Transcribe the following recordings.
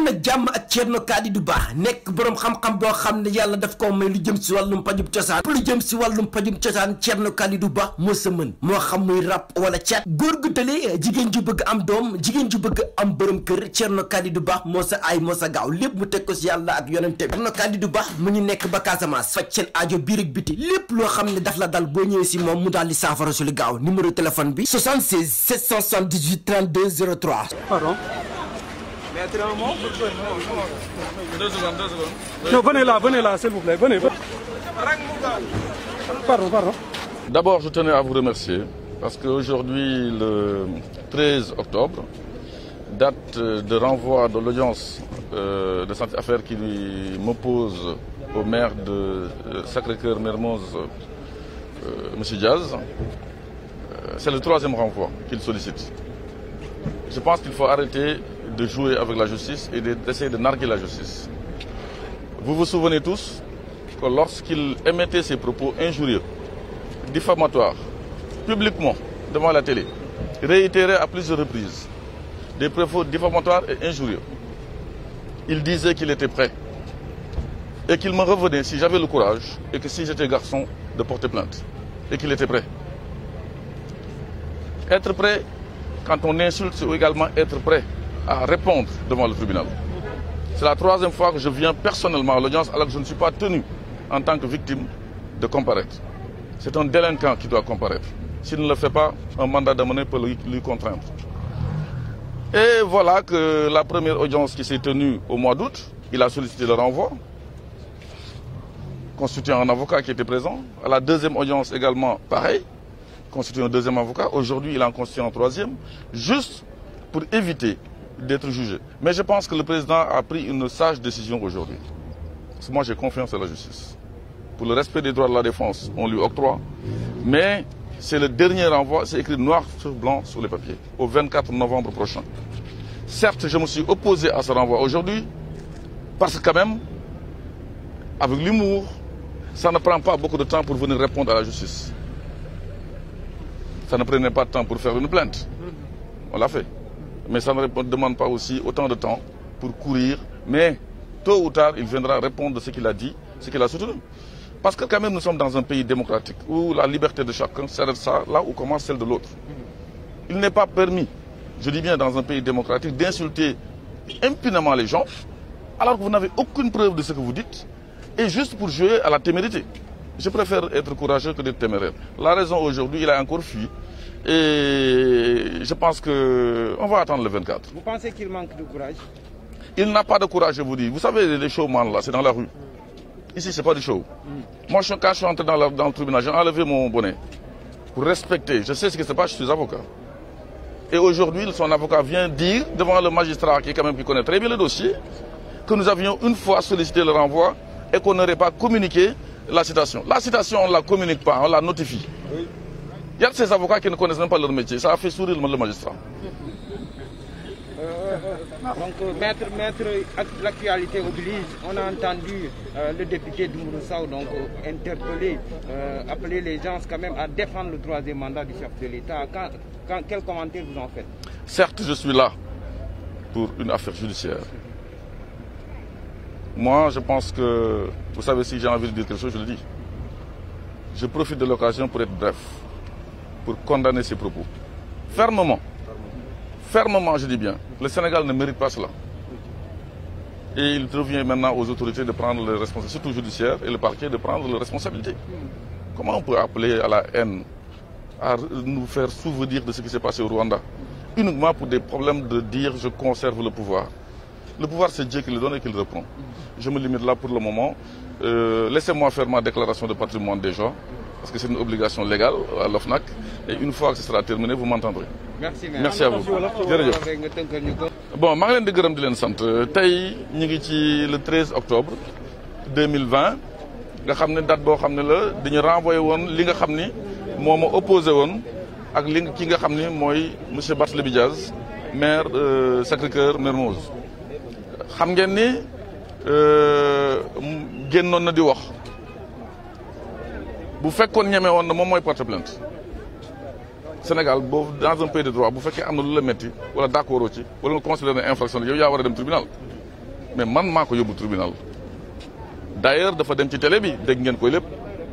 na jàmm ak Thierno Kadidou baax nekk boroom xam-xam boo xam ne yàlla daf koo may lu jëm si wàllum pajum cosaan lu jëm si wàllum pajum cosaan Thierno Kadidou Ba moo sa mën moo xam muy rap wala cat góor gu tëlee jigéen ju bëgg am doom jigéen ju bëgg am boroom kër Thierno Kadidou Ba moo sa aay moo sa gaaw lépp mu teg ko si yàlla ak yonente bi Thierno Kadidou Ba mu ngi nekk ba Casamance faj seen aajo biir ak biti lépp loo xam ne daf la dal boo ñëwee si moom mu daal di saafara su lu gaaw numéro téléphone bi 76 778 32 03 pardon Deux secondes, deux secondes. Non, venez là, venez là, D'abord, je tenais à vous remercier parce qu'aujourd'hui, le 13 octobre, date de renvoi de l'audience euh, de cette affaire qui m'oppose au maire de euh, Sacré-Cœur Mermoz, euh, M. Euh, c'est le troisième renvoi qu'il sollicite. Je pense qu'il faut arrêter de jouer avec la justice et d'essayer de narguer la justice. Vous vous souvenez tous que lorsqu'il émettait ses propos injurieux, diffamatoires, publiquement devant la télé, réitérés à plusieurs reprises, des propos diffamatoires et injurieux, il disait qu'il était prêt et qu'il me revenait si j'avais le courage et que si j'étais garçon de porter plainte et qu'il était prêt Quand on insulte, c'est également être prêt à répondre devant le tribunal. C'est la troisième fois que je viens personnellement à l'audience alors que je ne suis pas tenu en tant que victime de comparaître. C'est un délinquant qui doit comparaître. S'il ne le fait pas, un mandat d'amener peut lui contraindre. Et voilà que la première audience qui s'est tenue au mois d'août, il a sollicité le renvoi, constituant un avocat qui était présent. À la deuxième audience également, pareil. constitué un deuxième avocat. Aujourd'hui, il en constitue un troisième, juste Mais je pense que le président a une sage décision aujourd'hui. Parce que moi, j'ai confiance à la justice. Pour des droits de la défense, Mais c'est le dernier renvoi, c'est écrit noir sur blanc sur les papiers, au parce que quand même, avec l'humour, ça ne prend pas beaucoup de temps pour venir Ça ne prenait pas de temps pour faire une plainte. On l'a fait. Mais ça ne demande pas aussi autant de temps pour courir. Mais tôt ou tard, il viendra répondre de ce qu'il a dit, ce qu'il a soutenu. Parce que quand même, nous sommes dans un pays démocratique où la liberté de chacun s'arrête ça commence celle de l'autre. Il n'est pas permis, je dis bien dans un pays démocratique, d'insulter impunément les gens alors que vous n'avez aucune preuve de ce que vous dites à la témérité. Je préfère être courageux que d'être téméraire. La raison aujourd'hui, il a encore fui. Et je pense qu'on va attendre le 24. Vous pensez qu'il manque de courage Il n'a pas de courage, je vous dis. Vous savez, les showman, là, c'est dans la rue. Mm. Ici, c'est pas du show. Mm. dans, le tribunal, j'ai enlevé mon bonnet. Pour respecter. Je sais ce qui se passe, je le dossier, que nous avions une fois sollicité le renvoi et qu'on n'aurait pas communiqué la citation. La citation, on ne la communique pas, on la notifie. Il y a de ces avocats qui ne connaissent même pas leur métier. Ça a fait sourire le magistrat. Euh, euh donc, euh, maître, maître, l'actualité oblige. On a entendu euh, le député Doumouroussao donc euh, interpeller, euh, appeler les gens quand même à défendre le troisième mandat du chef de l'État. Quand, quand, quel commentaire vous en faites Certes, je suis là pour une affaire judiciaire. Moi, je pense que, vous savez, si j'ai envie de dire quelque chose, je le dis. Je profite de l'occasion pour être bref, pour condamner ces propos. Fermement. Fermement, je dis bien. Le Sénégal ne mérite pas cela. Et il revient maintenant aux autorités de prendre les responsabilités, surtout judiciaires, et le parquet de prendre les responsabilités. Comment on peut appeler à la haine, à nous faire souvenir de ce qui s'est passé au Rwanda, uniquement pour des problèmes de dire je conserve le pouvoir Le pouvoir c'est Dieu qui le donne et qui reprend. Je me limite là pour le moment. Euh, Laissez-moi faire déclaration de patrimoine déjà, parce que c'est une obligation légale à l'OFNAC. Et une fois que ce sera terminé, vous m'entendrez. merci merci à vous jërëjëf bon maa ngi leen di gërëm di leen tey ñu ngi ci le 13 octobre 2020 nga xam ne date boo xam ne la dañu renvoyé woon li nga xam ni moo ma opposé woon ak li ki nga xam ni mooy monsieur Barthélémy Diaz maire euh, Sacré-Cœur Mermoz xam ngeen ni euh, génnoon na di wax bu fekkoon ñeme woon na moom mooy porte plainte Sénégal boo dans un pays de droit bu fekkee am na lu la metti wala d'accord ci wala nga considéré ne infraction yow yaa war a dem tribunal mais man maa ko yóbbu tribunal d'ailleurs dafa dem ci télé bi dégg ngeen koy lépp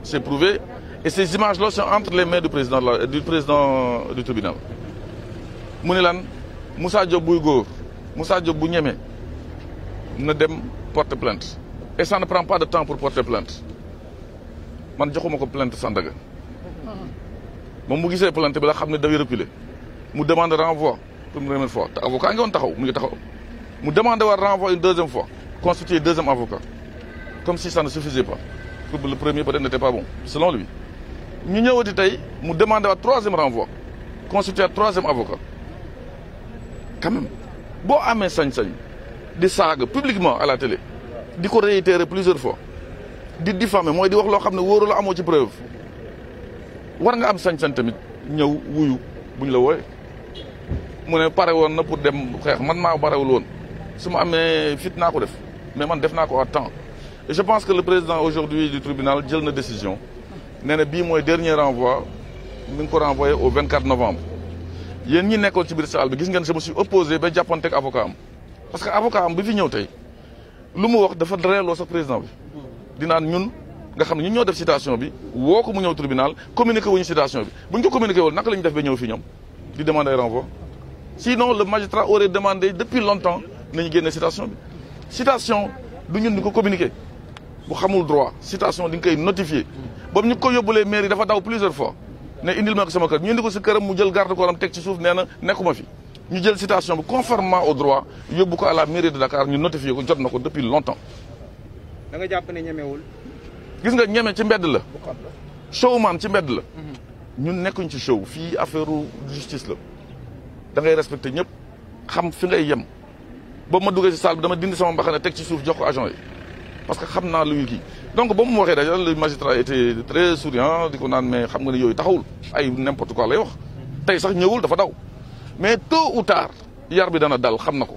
c'est prouvé et ces images là sont entre les mains du président la du président du tribunal mu ne lan Moussa buy góor Moussa Diop bu ñeme na dem porte plainte et ça ne prend pas de temps pour porter plainte man joxuma ko plainte Sandaga moom mu gisee plainte bi la xam ne dafay reculer mu demande renvoi pour une première avocat nga woon taxaw mu ngi taxaw mu demande war renvoi une deuxième fois constituer deuxième avocat comme si ça ne suffisait pas pour le premier peut-être n'était pas bon selon lui ñu ñëwati tey mu demande waat troisième renvoi constituer troisième avocat quand même boo amee sañ-sañ di saaga publiquement à la télé di ko teere plusieurs fois di diffamer mooy di wax loo xam ne wóoru amoo ci preuve war nga am sañ-sañ tamit ñëw wuyu buñ la wooye mu ne pare woon na pour dem xeex man maa barewul woon su ma amee fit naa ko def mais man def naa ko à temps et je pense que le président aujourd'hui du tribunal jël na décision nee na bii mooy dernier renvoi mi ngi ko renvoyé au 24 novembre yéen ñi nekkoon ci biir salle bi gis ngeen je me suis ba jàppanteeg avocat am parce que avocat am bi fi ñëw tey lu mu wax dafa reeloo sa président bi dinaan ñun nga xam ne ñun ñoo def citation bi woo ko mu ñëw tribunal communiqué wuñu citation bi bu ñu ko communiqué woon naka la ñu def ba ñëw fi ñoom di demander renvoi sinon le magistrat aurait demandé depuis longtemps nañu génne citation bi citation du ñun di ko communiqué bu xamul droit citation di nga koy notifié ba ñu ko yóbbulee mairie dafa daw plusieurs mu jël garde corps am teg ci suuf nee na nekkuma fi ñu jël citation bi conformement au droit yóbbu ko à la mairie de Dakar ñu notifié ko jot na ko depuis longtemps. da nga jàpp ne ñemewul. gis nga ñeme ci mbedd la. showman ci mbedd la. Mhm. ñun nekkuñ ci show fii affaire justice la da ngay ñëpp xam fi ngay yem boobu ma duggee ci salle bi dama dindi sama mbaxane teg ci suuf jox ko agent yi parce que xam naa lu kii donc ba mu waxee daja le magistrat était très souriant di ko naan mais xam nga ne yooyu taxawul ay n'importe quoi lay wax mhm. tey sax ñëwul dafa daw. mais tôt ou tard yar bi dana dal xam na ko.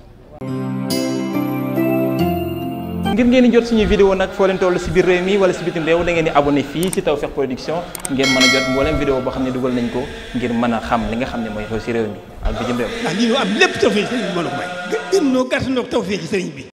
ngir ngeen jot suñu vidéo nag foo leen toll si biir réew mi wala si bitim réew da ngeen di abonné fii si Tawfekh Production ngeen mën a jot mboolem vidéo boo xam ne dugal nañ ko ngir mën a xam li nga xam ne mooy xew si réew mi ak bitim réew. ndax lii ñu am lépp Tawfekh sëriñ bi mën a may. noo gàtt noo bi.